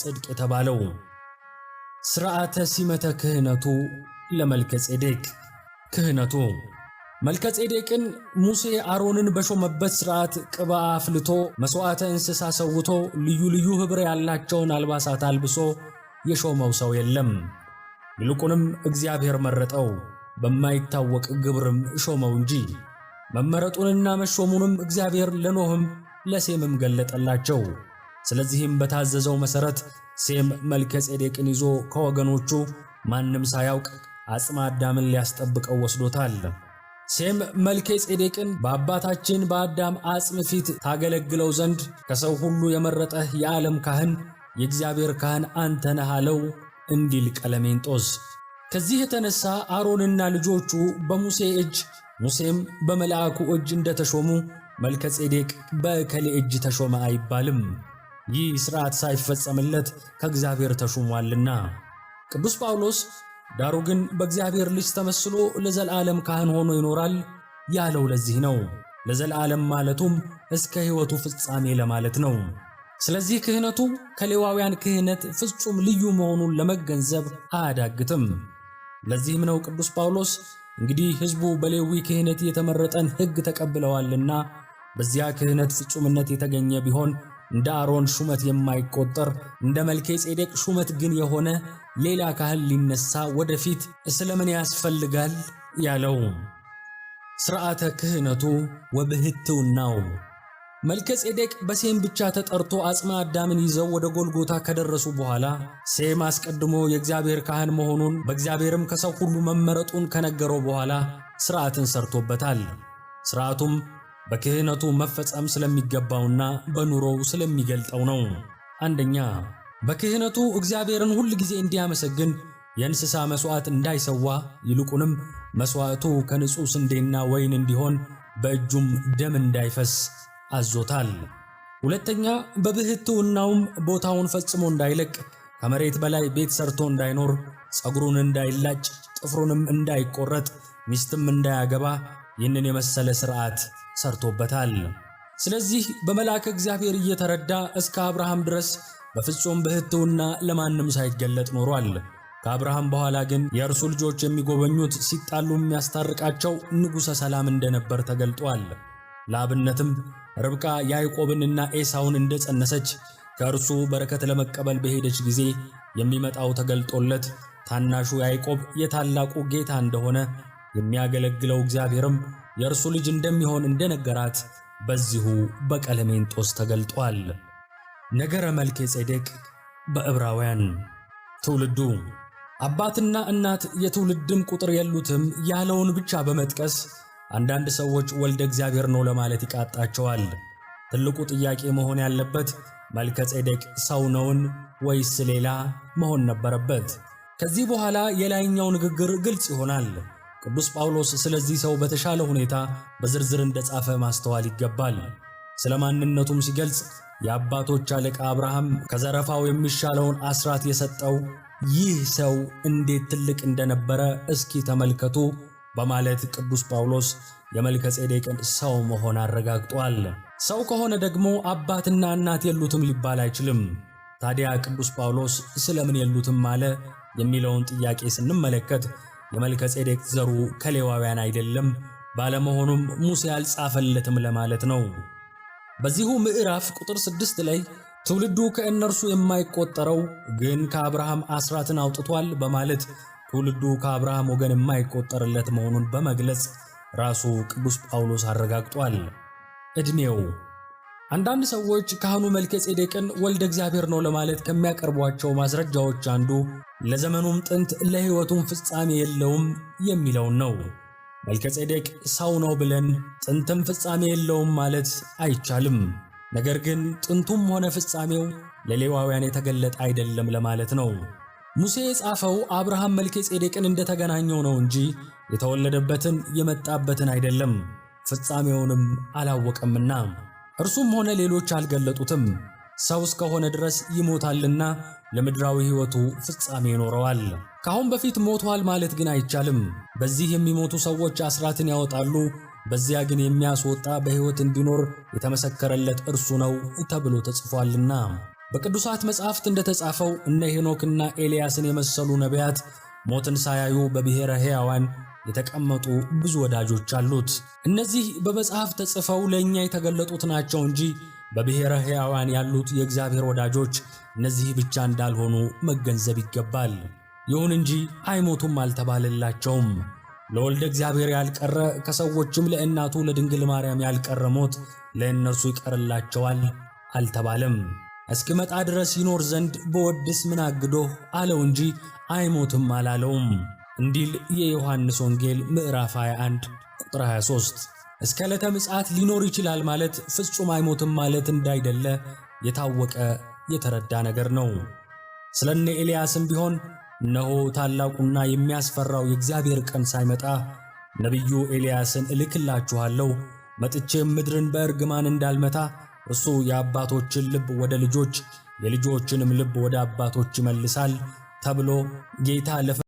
ጽድቅ የተባለው ስርዓተ ሲመተ ክህነቱ ለመልከ ጼዴቅ ክህነቱ መልከ ጼዴቅን ሙሴ አሮንን በሾመበት ስርዓት ቅባ አፍልቶ መስዋዕተ እንስሳ ሰውቶ ልዩ ልዩ ኅብር ያላቸውን አልባሳት አልብሶ የሾመው ሰው የለም። ይልቁንም እግዚአብሔር መረጠው፣ በማይታወቅ ግብርም ሾመው እንጂ። መመረጡንና መሾሙንም እግዚአብሔር ለኖህም ለሴምም ገለጠላቸው። ስለዚህም በታዘዘው መሰረት ሴም መልከ ጼዴቅን ይዞ ከወገኖቹ ማንም ሳያውቅ አጽመ አዳምን ሊያስጠብቀው ወስዶታል። ሴም መልከ ጼዴቅን በአባታችን በአዳም አጽም ፊት ታገለግለው ዘንድ ከሰው ሁሉ የመረጠህ የዓለም ካህን የእግዚአብሔር ካህን አንተ ነህ አለው እንዲል ቀለሜንጦስ። ከዚህ የተነሳ አሮንና ልጆቹ በሙሴ እጅ፣ ሙሴም በመልአኩ እጅ እንደተሾሙ መልከ ጼዴቅ በእከሌ እጅ ተሾመ አይባልም። ይህ ሥርዓት ሳይፈጸምለት ከእግዚአብሔር ተሹሟልና። ቅዱስ ጳውሎስ ዳሩ ግን በእግዚአብሔር ልጅ ተመስሎ ለዘላለም ካህን ሆኖ ይኖራል ያለው ለዚህ ነው። ለዘላለም ማለቱም እስከ ሕይወቱ ፍጻሜ ለማለት ነው። ስለዚህ ክህነቱ ከሌዋውያን ክህነት ፍጹም ልዩ መሆኑን ለመገንዘብ አያዳግትም። ለዚህም ነው ቅዱስ ጳውሎስ እንግዲህ ሕዝቡ በሌዊ ክህነት የተመረጠን ሕግ ተቀብለዋልና በዚያ ክህነት ፍጹምነት የተገኘ ቢሆን እንደ አሮን ሹመት የማይቆጠር እንደ መልከ ጼዴቅ ሹመት ግን የሆነ ሌላ ካህን ሊነሳ ወደፊት ስለምን ያስፈልጋል ያለው ሥርዓተ ክህነቱ ወብህትውናው መልከ ጼዴቅ በሴም ብቻ ተጠርቶ አጽመ አዳምን ይዘው ወደ ጎልጎታ ከደረሱ በኋላ ሴም አስቀድሞ የእግዚአብሔር ካህን መሆኑን በእግዚአብሔርም ከሰው ሁሉ መመረጡን ከነገረው በኋላ ሥርዓትን ሰርቶበታል። ሥርዓቱም በክህነቱ መፈጸም ስለሚገባውና በኑሮው ስለሚገልጠው ነው። አንደኛ በክህነቱ እግዚአብሔርን ሁል ጊዜ እንዲያመሰግን የእንስሳ መሥዋዕት እንዳይሰዋ ይልቁንም መሥዋዕቱ ከንጹሕ ስንዴና ወይን እንዲሆን በእጁም ደም እንዳይፈስ አዞታል። ሁለተኛ በብህትውናውም ቦታውን ፈጽሞ እንዳይለቅ፣ ከመሬት በላይ ቤት ሰርቶ እንዳይኖር፣ ጸጉሩን እንዳይላጭ፣ ጥፍሩንም እንዳይቆረጥ፣ ሚስትም እንዳያገባ ይህንን የመሰለ ሥርዓት ሰርቶበታል። ስለዚህ በመልአከ እግዚአብሔር እየተረዳ እስከ አብርሃም ድረስ በፍጹም ብሕትውና ለማንም ሳይገለጥ ኖሯል። ከአብርሃም በኋላ ግን የእርሱ ልጆች የሚጎበኙት ሲጣሉ የሚያስታርቃቸው ንጉሠ ሰላም እንደነበር ተገልጧል። ለአብነትም ርብቃ ያዕቆብንና ኤሳውን እንደጸነሰች ከእርሱ በረከት ለመቀበል በሄደች ጊዜ የሚመጣው ተገልጦለት ታናሹ ያዕቆብ የታላቁ ጌታ እንደሆነ የሚያገለግለው እግዚአብሔርም የእርሱ ልጅ እንደሚሆን እንደነገራት በዚሁ በቀለሜንጦስ ተገልጧል። ነገረ መልከ ጼዴቅ በዕብራውያን ትውልዱ አባትና እናት የትውልድም ቁጥር የሉትም ያለውን ብቻ በመጥቀስ አንዳንድ ሰዎች ወልደ እግዚአብሔር ነው ለማለት ይቃጣቸዋል። ትልቁ ጥያቄ መሆን ያለበት መልከ ጼዴቅ ሰው ነውን ወይስ ሌላ መሆን ነበረበት? ከዚህ በኋላ የላይኛው ንግግር ግልጽ ይሆናል። ቅዱስ ጳውሎስ ስለዚህ ሰው በተሻለ ሁኔታ በዝርዝር እንደጻፈ ማስተዋል ይገባል። ስለ ማንነቱም ሲገልጽ የአባቶች አለቃ አብርሃም ከዘረፋው የሚሻለውን አስራት የሰጠው ይህ ሰው እንዴት ትልቅ እንደነበረ እስኪ ተመልከቱ በማለት ቅዱስ ጳውሎስ የመልከ ጼዴቅን ሰው መሆን አረጋግጧል። ሰው ከሆነ ደግሞ አባትና እናት የሉትም ሊባል አይችልም። ታዲያ ቅዱስ ጳውሎስ ስለምን የሉትም አለ የሚለውን ጥያቄ ስንመለከት የመልከ ጼዴቅ ዘሩ ከሌዋውያን አይደለም ባለመሆኑም ሙሴ አልጻፈለትም ለማለት ነው። በዚሁ ምዕራፍ ቁጥር ስድስት ላይ ትውልዱ ከእነርሱ የማይቆጠረው ግን ከአብርሃም አስራትን አውጥቷል በማለት ትውልዱ ከአብርሃም ወገን የማይቆጠርለት መሆኑን በመግለጽ ራሱ ቅዱስ ጳውሎስ አረጋግጧል። ዕድሜው አንዳንድ ሰዎች ካህኑ መልከ ጼዴቅን ወልደ እግዚአብሔር ነው ለማለት ከሚያቀርቧቸው ማስረጃዎች አንዱ ለዘመኑም ጥንት ለሕይወቱም ፍጻሜ የለውም የሚለውን ነው። መልከ ጼዴቅ ሰው ነው ብለን ጥንትም ፍጻሜ የለውም ማለት አይቻልም። ነገር ግን ጥንቱም ሆነ ፍጻሜው ለሌዋውያን የተገለጠ አይደለም ለማለት ነው። ሙሴ የጻፈው አብርሃም መልከ ጼዴቅን እንደተገናኘው ነው እንጂ የተወለደበትን የመጣበትን አይደለም፣ ፍጻሜውንም አላወቀምና እርሱም ሆነ ሌሎች አልገለጡትም። ሰው እስከሆነ ድረስ ይሞታልና ለምድራዊ ሕይወቱ ፍጻሜ ይኖረዋል። ከአሁን በፊት ሞቷል ማለት ግን አይቻልም። በዚህ የሚሞቱ ሰዎች አስራትን ያወጣሉ፣ በዚያ ግን የሚያስወጣ በሕይወት እንዲኖር የተመሰከረለት እርሱ ነው ተብሎ ተጽፏልና። በቅዱሳት መጻሕፍት እንደተጻፈው እነ ሄኖክና ኤልያስን የመሰሉ ነቢያት ሞትን ሳያዩ በብሔረ ሕያዋን የተቀመጡ ብዙ ወዳጆች አሉት። እነዚህ በመጽሐፍ ተጽፈው ለእኛ የተገለጡት ናቸው እንጂ በብሔረ ሕያዋን ያሉት የእግዚአብሔር ወዳጆች እነዚህ ብቻ እንዳልሆኑ መገንዘብ ይገባል። ይሁን እንጂ አይሞቱም አልተባለላቸውም። ለወልደ እግዚአብሔር ያልቀረ ከሰዎችም ለእናቱ ለድንግል ማርያም ያልቀረ ሞት ለእነርሱ ይቀርላቸዋል አልተባለም። እስክመጣ ድረስ ይኖር ዘንድ በወድስ ምን አግዶህ አለው እንጂ አይሞትም አላለውም። እንዲል የዮሐንስ ወንጌል ምዕራፍ 21 ቁጥር 23። እስከ ዕለተ ምጽአት ሊኖር ይችላል ማለት ፍጹም አይሞትም ማለት እንዳይደለ የታወቀ የተረዳ ነገር ነው። ስለነ ኤልያስም ቢሆን እነሆ ታላቁና የሚያስፈራው የእግዚአብሔር ቀን ሳይመጣ ነቢዩ ኤልያስን እልክላችኋለሁ፣ መጥቼም ምድርን በእርግማን እንዳልመታ እሱ የአባቶችን ልብ ወደ ልጆች የልጆችንም ልብ ወደ አባቶች ይመልሳል ተብሎ ጌታ ለፍ